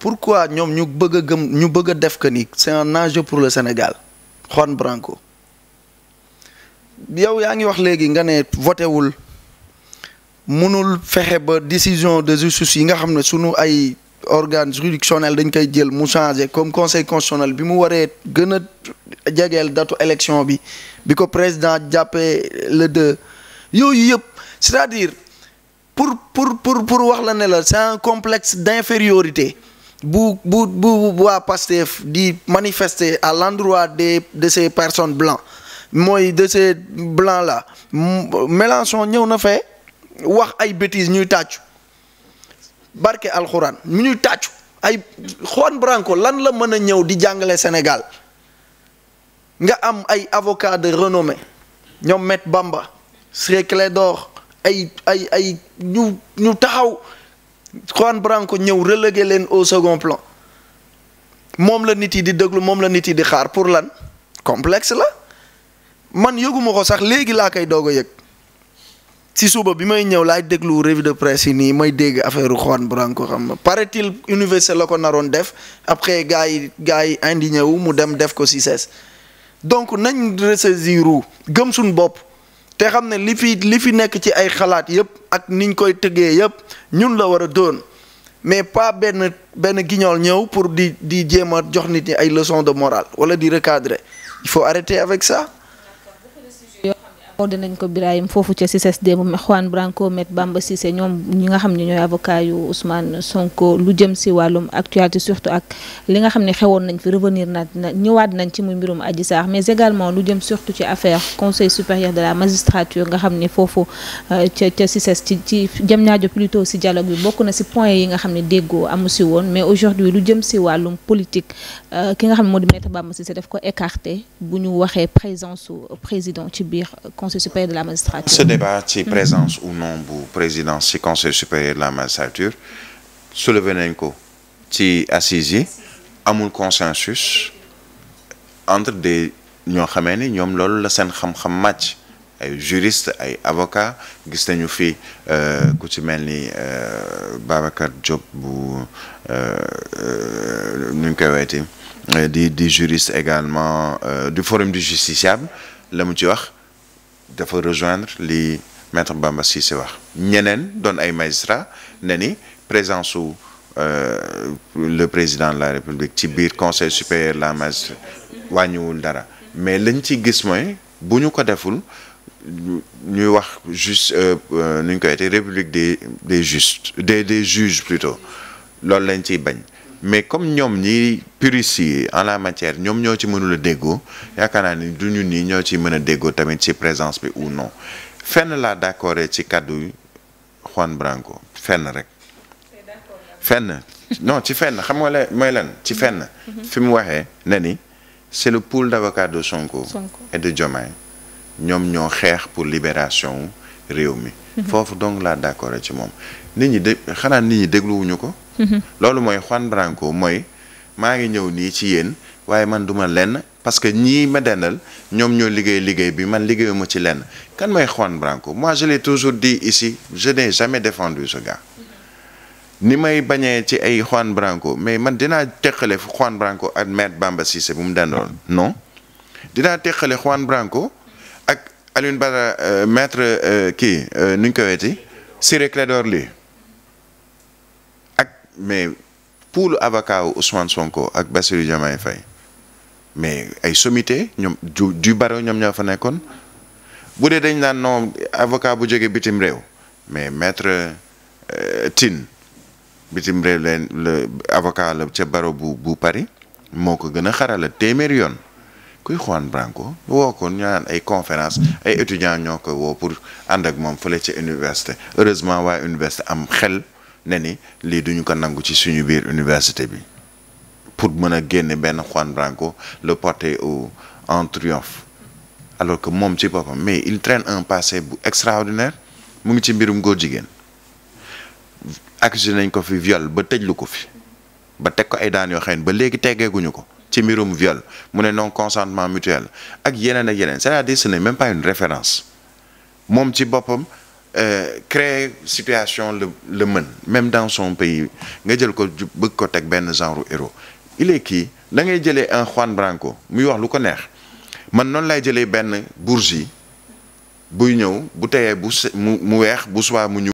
pourquoi ñoom ñu bëgg gëm ñu bëgg def que ni c'est un enjeu pour le Sénégal Juan Branco yow yaa ngi wax léegi nga ne voté wul mënul fexe ba décision de justice yi nga xam ne sunu ay organe juridictionnel dañ koy jël mu changé comme conseil constitutionnel bi mu waree gën a jegeel datu élection bi bi ko président jàppee le deux yooyu yëpp c'est-à-dire pour pour pour pour wax la ne la c'est un complexe d'infériorité bu bu bu waa Pastef di manifester à l'endroit des de ces personnes blancs mooy de ces blancs là Mélenchon ñëw na fee wax ay bêtises ñuy tàccu barke alxuraan mu ñuy tàccu ay Juan Branco lan la mën a ñëw di jàngale Sénégal nga am ay avocats de renommée ñoom Maître Bamba Ciré Clédor ay ay ay ñu ñu taxaw Juan Branco ñëw relégué leen au second plan moom la nit yi di déglu moom la nit yi di xaar pour lan complexe la man yëguma ko sax léegi laa koy doog a yëg si suba bi may ñëw laay déglu revue de presse yi nii may dégg affaire Juan Branco xam na paraît-il université la ko naroon def après gars yi gars yi indi ñëw mu dem def ko si sees donc nañ ressaisir gëm suñ bopp. te xam ne li fi li fi nekk ci ay xalaat yëpp ak niñ koy tëggee yëpp ñun la war a doon mais pas benn benn guignol ñëw pour di di jéem a jox nit ñi ay leçons de morale wala di recadrer il faut arrêter avec ça dinañ ko Birahim foofu ca CICESD bu Juan Branco Maître Bamba Cissé ñoom ñi nga xam ne ñooy avocat yu Ousmane Sonko lu jëm si wàllum actualité surtout ak li nga xam ne xewoon nañ fi revenir na ñëwaat nañ ci muy mbirum Adji Sarr mais également lu jëm surtout ci affaire conseil supérieur de la magistrature nga xam ni foofu euh, ca ca CICES ci ci jëm ñaajo plutôt si dialogue bi bokk na si point yi nga xam ne déggoo amu si woon mais aujourd'hui lu jëm si wàllum politique euh, ki nga xam moo di Maître ko écarté bu ñu waxee présence su conseil supérieur de la magistrature. ce débat ci mm-hmm. présence ou non bu présidence ci conseil supérieur de la magistrature soulevé nañ ko ci assises yi amul consensus entre des ñoo xamee ni ñoom loolu la seen xam-xam màcc ay juriste ay avocat gis nañu fii euh, ku ci mel ni euh, Babacar Diop bu euh, nu ñu koy weeti di di juriste également du forum du justiciable la mu ci wax dafa rejoindre li maître Bamba Cissé wax ñeneen doon ay magistrat ne ni présence su euh, le président de la république ci biir conseil supérieur de la magistrature wàññiwul dara mais lañ ci gis mooy bu ñu ko deful ñuy wax juste euh, euh, nu ñu koy te république des des justes des des juges plutôt loolu lañ ciy bañ mais comme ñoom ñi puristes yi en la matière ñoom ñoo ci mënul a déggoo yaakaar naa ni du ñu nii ñoo ci mën a déggoo tamit ci présence bi ou non fenn laa d'accord ci kàddu Juan Branco fenn rek fenn non ci fenn xam nga la mooy lan ci fenn fi mu waxee ne ni c'est le pool d'avocats de Sonko et de Diomaye ñoom ñoo xeex pour libération réew mi. foofu donc laa d'accord ci moom nit ñi de xanaa nit ñi dégluwuñu ko. loolu mooy Juan Branco mooy maa ngi ñëw nii ci yéen waaye man duma lenn parce que ñii ma dendal ñoom ñoo liggéey liggéey bi man liggéeyuma ci lenn kan mooy Juan Branco moi je l'ai toujours dit ici je n'ai jamais défendu ce gars. ni may bañee ci ay Juan Branco mais man dinaa teqale Juan Branco ak Maître Bamba Cissé bu mu dendoon non dinaa teqale Juan Branco. Alioune Badara euh, maître euh, kii euh, nuñ ñu ko weeti Ciré Clédor Ly ak mais poolu avocat wu Sonko ak Bassirou Diomaye Faye mais ay somite ju du du baro ñoom ñoo fa nekkoon bu dee dañ naan non avocat bu jógee bitim réew mais maître Tine bitim réew leen le avocat la ca baro bu Paris moo ko gën a xarala téeméer yoon kuy Juan Branco woo ko ñu naan ay conférence ay étudiants ñoo ko woo pour ànd ak moom fële ci université heureusement waaye université am xel ne ni lii duñu ko nangu ci suñu biir université bi pour mën a génne benn Juan Branco le porter au en triomphe alors que moom ci boppam mais il traîne un passé bu extraordinaire mu ngi ci mbirum góor jigéen accusé nañ ko fi viol ba tëjlu ko fi ba teg ko ay daan yoo xam ne ba léegi teggeeguñu ko ci mbirum viol mu ne non consentement mutuel ak yeneen ak yeneen c'est-à-dire ce n'est même pas une référence moom ci boppam euh, créer situation la la mën même dans son pays nga jël ko bëgg ko teg benn genre héros il kii da ngay jëlee un Juan Branco muy wax lu ko neex man noonu lay jëlee benn bourgeois buy ñëw bu teyee bu mu weex bu suwaa mu ñu